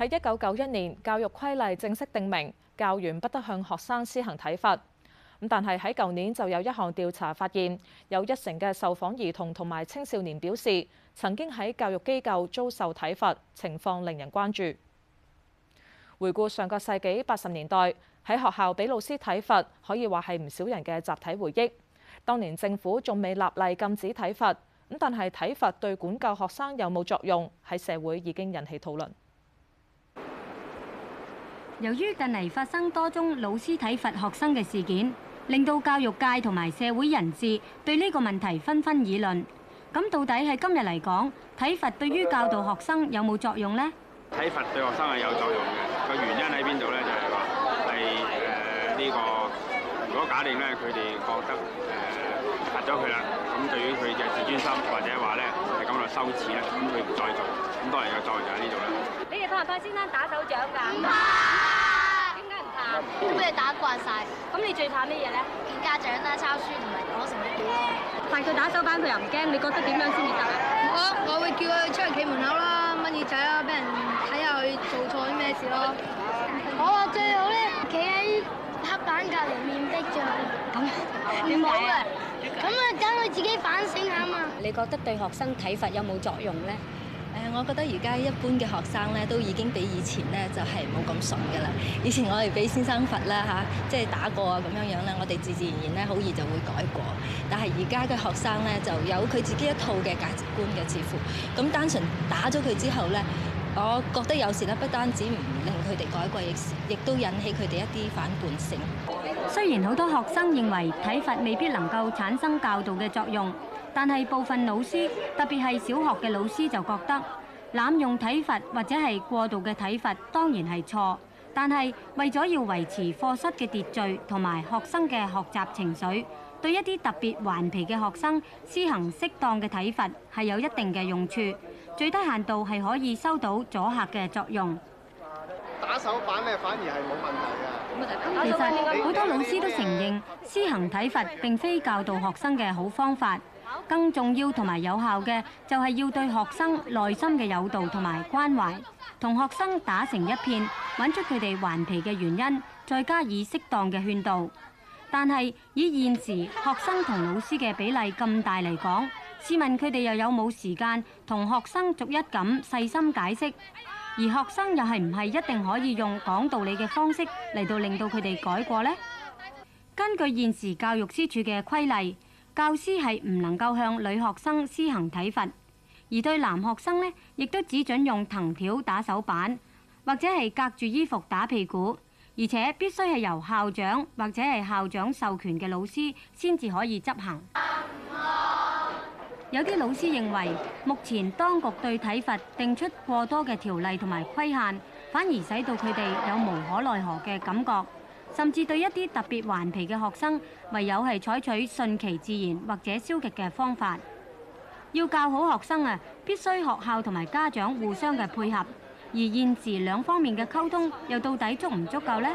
喺一九九一年，教育規例正式定明，教員不得向學生施行體罰。咁但係喺舊年就有一項調查發現，有一成嘅受訪兒童同埋青少年表示曾經喺教育機構遭受體罰，情況令人關注。回顧上個世紀八十年代，喺學校俾老師體罰，可以話係唔少人嘅集體回憶。當年政府仲未立例禁止體罰，咁但係體罰對管教學生有冇作用，喺社會已經引起討論。由於近唔怕先生打手掌噶，唔怕，點解唔怕？俾你打慣晒！咁你最怕咩嘢咧？見家長啦，抄書同埋攞成績表。和和但佢打手板佢又唔驚，你覺得點樣先至得？我、啊、我會叫佢出去企門口啦，掹耳仔看看啊，俾人睇下佢做錯啲咩事咯。我話最好咧，企喺黑板隔籬面壁著。咁樣，唔好啊。咁啊，等佢自己反省下嘛。你覺得對學生體罰有冇作用咧？誒，我覺得而家一般嘅學生咧，都已經比以前咧就係冇咁順㗎啦。以前我哋俾先生罰啦嚇，即係打過啊咁樣樣咧，我哋自自然然咧好易就會改過。但係而家嘅學生咧，就有佢自己一套嘅價值觀嘅，似乎咁單純打咗佢之後咧。我覺得有時咧，不單止唔令佢哋改過，亦亦都引起佢哋一啲反叛性。雖然好多學生認為體罰未必能夠產生教導嘅作用，但係部分老師，特別係小學嘅老師就覺得濫用體罰或者係過度嘅體罰當然係錯。但係為咗要維持課室嘅秩序同埋學生嘅學習情緒，對一啲特別頑皮嘅學生施行適當嘅體罰係有一定嘅用處，最低限度係可以收到阻嚇嘅作用。打手板呢反而係冇問題嘅。其實好多老師都承認，施行體罰並非教導學生嘅好方法。更重要同埋有效嘅就係要對學生內心嘅誘導同埋關懷，同學生打成一片，搵出佢哋頑皮嘅原因，再加以適當嘅勸導。但係以現時學生同老師嘅比例咁大嚟講，試問佢哋又有冇時間同學生逐一咁細心解釋？而學生又係唔係一定可以用講道理嘅方式嚟到令到佢哋改過呢？根據現時教育司處嘅規例，教師係唔能夠向女學生施行體罰，而對男學生呢，亦都只準用藤條打手板，或者係隔住衣服打屁股。而且必須係由校長或者係校長授權嘅老師先至可以執行。有啲老師認為目前當局對體罰定出過多嘅條例同埋規限，反而使到佢哋有無可奈何嘅感覺，甚至對一啲特別頑皮嘅學生，唯有係採取順其自然或者消極嘅方法。要教好學生啊，必須學校同埋家長互相嘅配合。而現時兩方面嘅溝通又到底足唔足夠呢？